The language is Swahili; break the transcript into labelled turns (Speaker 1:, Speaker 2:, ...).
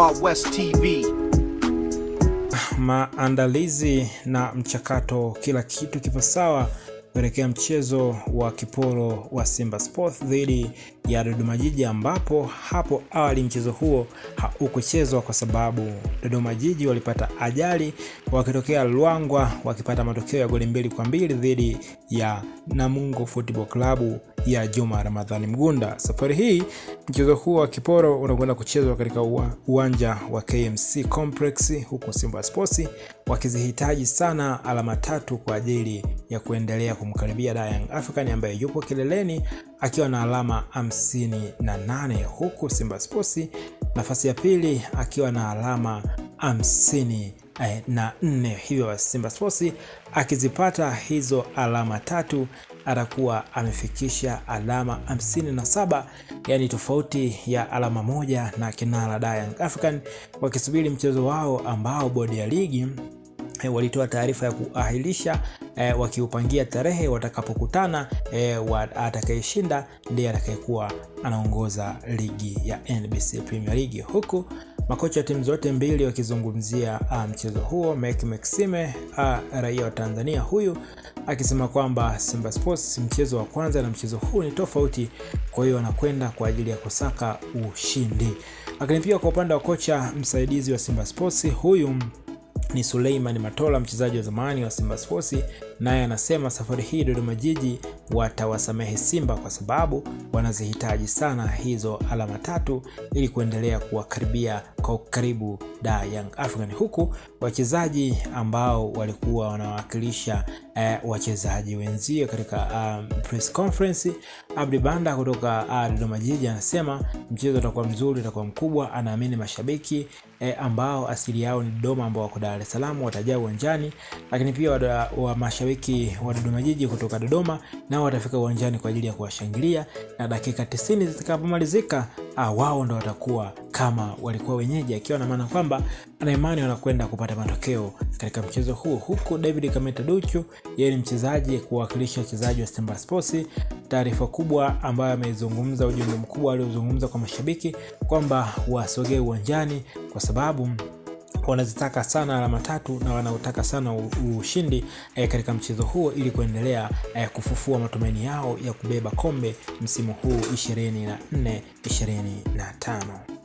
Speaker 1: Wild West TV. Maandalizi na mchakato, kila kitu kipo sawa kuelekea mchezo wa kiporo wa Simba Sports dhidi ya Dodoma Jiji, ambapo hapo awali mchezo huo haukuchezwa kwa sababu Dodoma Jiji walipata ajali wakitokea Luangwa, wakipata matokeo ya goli mbili kwa mbili dhidi ya Namungo Football Club ya Juma Ramadhani Mgunda. Safari hii mchezo huu wa kiporo unakwenda kuchezwa katika uwanja wa KMC Complex, huku Simba Sports wakizihitaji sana alama tatu kwa ajili ya kuendelea kumkaribia Young African ambaye yupo kileleni akiwa na alama 58 huku Simba Sports nafasi ya pili akiwa na alama 50 eh, na nne hivyo Simba Sports akizipata hizo alama tatu atakuwa amefikisha alama 57, yani tofauti ya alama moja na kinara da Young African wakisubiri mchezo wao ambao bodi ya ligi eh, walitoa taarifa ya kuahirisha e, wakiupangia tarehe watakapokutana e, atakayeshinda ndiye atakayekuwa anaongoza ligi ya NBC Premier League, huku Makocha wa timu zote mbili wakizungumzia ah, mchezo huo, Meck Maxime ah, raia wa Tanzania huyu akisema kwamba Simba Sports mchezo wa kwanza na mchezo huu ni tofauti, kwa hiyo wanakwenda kwa ajili ya kusaka ushindi. Lakini pia kwa upande wa kocha msaidizi wa Simba Sports huyu ni Suleiman Matola, mchezaji wa zamani wa Simba Sports naye anasema safari hii Dodoma Jiji watawasamehe Simba kwa sababu wanazihitaji sana hizo alama tatu ili kuendelea kuwakaribia kwa karibu da Young African, huku wachezaji ambao walikuwa wanawakilisha eh, wachezaji wenzio katika um, press conference. Abdi Banda kutoka uh, Dodoma Jiji anasema mchezo utakuwa mzuri, utakuwa mkubwa. Anaamini mashabiki eh, ambao asili yao ni Dodoma ambao wako Dar es Salaam watajaa uwanjani, lakini pia wa, wa mashabiki mashabiki wa Dodoma Jiji kutoka Dodoma nao watafika uwanjani kwa ajili ya kuwashangilia, na dakika 90 zitakapomalizika, ah, wao ndo watakuwa kama walikuwa wenyeji, akiwa na maana kwamba ana imani wanakwenda kupata matokeo katika mchezo huo, huku David Kameta Duchu yeye ni mchezaji kuwakilisha wachezaji wa Simba Sports. Taarifa kubwa ambayo ameizungumza, ujumbe mkubwa aliozungumza kwa mashabiki kwamba wasogee uwanjani kwa sababu wanazitaka sana alama tatu na wanaotaka sana ushindi e, katika mchezo huo ili kuendelea e, kufufua matumaini yao ya kubeba kombe msimu huu 24 25.